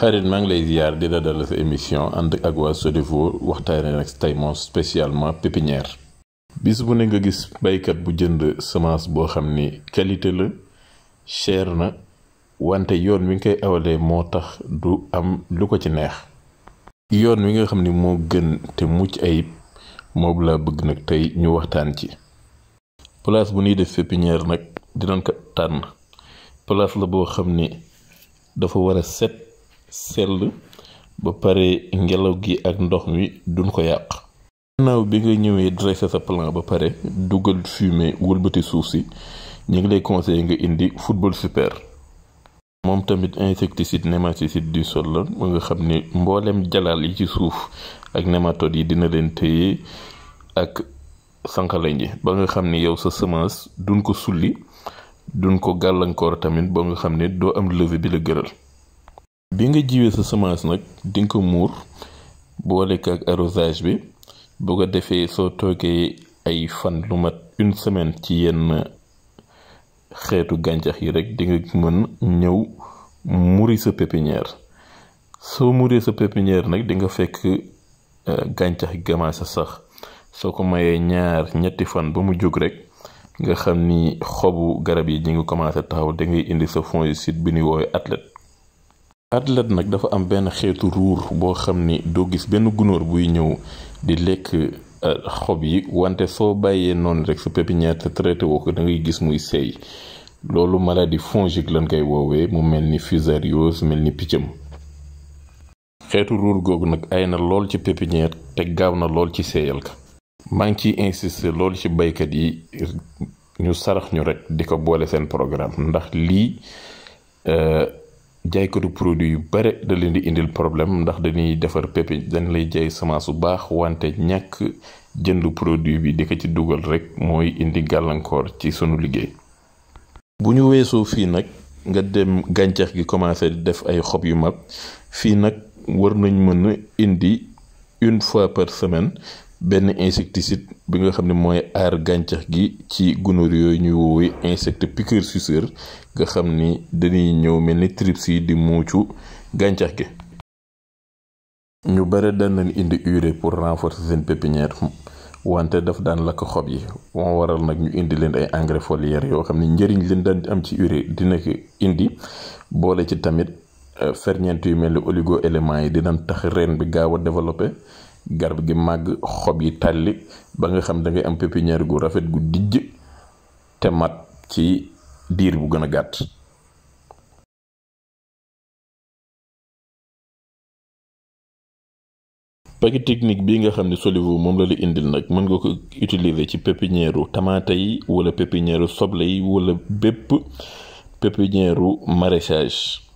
xarit maa ngi lay ziar di la dalal sa émission and ak waa Sodefo waxtaanee nag tey moom spécialement pépinière. bis bu ne nga gis baykat bu jënd semence boo xam ni qualité la cher na wante yoon wi nga koy awalee moo tax du am lu ko ci neex. yoon wi nga xam ni moo gën te mucc ayib moom la bëgg nag tey ñu waxtaan ci. place bu ñuy def pépinière nag dinañ ko tànn place la boo xam ni dafa war a set. sell ba pare ngelaw gi ak ndox mi duñ ko yàq gannaaw bi nga ñëwee dressé sa plan ba pare dugal fumier wëlbati suuf si ñu ngi lay conseillé nga indi football super moom tamit insecticide nématicide du sol la mu nga xam ni mboolem jalaal yi ci suuf ak nématode yi dina leen téye ak sànqaleñ ji ba nga xam ni yow sa semence duñ ko sulli duñ ko gàllankoor tamit ba nga xam ne doo am levée bi la gëral bi nga jiwee sa semence nag di nga ko muur boolek ak arrosage bi bu ko defee soo toogee ay fan lu mat une semaine ci yenn xeetu gàncax yi rek di nga mën ñëw muri sa pépinière soo muree sa pépinière nag di fekk euh, gàncax gi commencé sax soo ko mayee ñaar ñetti fan ba mu jóg rek nga xam ni xobu garab yi ñi ngi commencé taxaw da ngay indi sa fongicide bi ñuy woowee athlète atlet nag dafa am benn xeetu ruur boo xam ni doo gis benn gunóor buy ñëw di lekk euh, xob yi wante soo bàyyee noonu rek sa pépinière te traité woo ko da gis muy seey loolu maladie fongique lañ koy woowee mu mel ni fusariose mel ni piccam xeetu ruur googu nag ay na lool ci pépinière te gaaw na lool ci seeyal ka maa ngi ciy insister loolu ci baykat yi ñu sarax ñu rek di ko boole seen programme ndax lii euh, jaaykatu produit yu bare da leen di indil problème ndax dañuy defar pépi dañ lay jaay semence bu baax wante ñàkk jënd produit bi di ko ci dugal rek mooy indi gàllankoor ci sunu liggéey. bu ñu weesoo fii nag nga dem gàncax gi commencé def ay xob yu mag fii nag war nañ mën a indi une fois par semaine benn insecticide. bi nga xam ne mooy aar gàncax gi ci gunóor yooyu ñuy woowee insecte piqueur suceur nga xam ni dañuy ñëw mel ni trips yi di muucu gàncax gi ñu bare daan nañ indi ure pour renforcer seen pépinière wante daf daan lakk xob yi moo waral nag ñu indi leen ay engrais foliaire yoo xam ne njëriñ leen daan am ci urée dina ko indi boole ci tamit euh, ferñeent yu mel ni oligo éléments yi dinañ tax reen bi gaaw a développé garab gi màgg xob yi tàlli ba nga xam da am pépinière gu rafet gu dijj te mat ci diir bu gën a gàtt paquet technique bii nga xam ne Solivo moom la la nag mën nga ko utiliser ci pépinière tamaate wala pépinière soble yi wala bépp pépinière u